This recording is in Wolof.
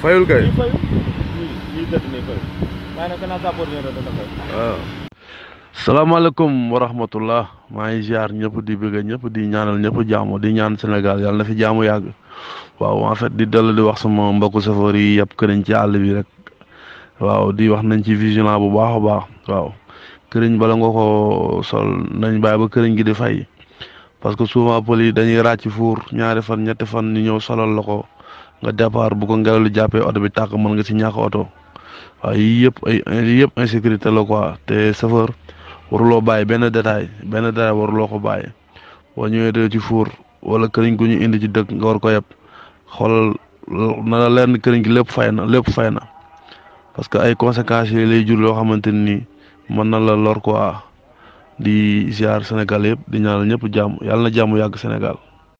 fayul kay waaw ah. salaamaaleykum wa rahmatullah maa ngi ziar ñëpp di bëgg ñëpp di ñaanal ñëpp jaamu di ñaan Sénégal yàlla na fi jaamu yàgg waaw en fait di dellu di wax sama mbokku safoor yi yëpp këriñ ci àll bi rek waaw di wax nañ ci vigilant bu baax a baax waaw këriñ bala nga ko sol nañ bàyyi ba këriñ gi di fay parce que souvent pël yi dañuy ràcc fuur ñaari fan ñetti fan ñu ñëw solal la ko nga départ bu ko ngelaw li jàppee oto bi tàkk mën nga ci ñàkk oto waaye yii yëpp ay yëpp insécurité la quoi te chauffeur waruloo bàyyi benn détail benn détail waruloo ko bàyyi boo ñëwee dee ci fuur wala këriñ gu ñu indi ci dëkk nga war ko yëpp xool na la leer ni këriñ ki lépp fay na lépp fay na parce que ay conséquences yi lay jur loo xamante ni mën na la lor quoi di ziar Sénégal yëpp di ñaanal ñëpp jàmm yàlla na jàmm yàgg Sénégal.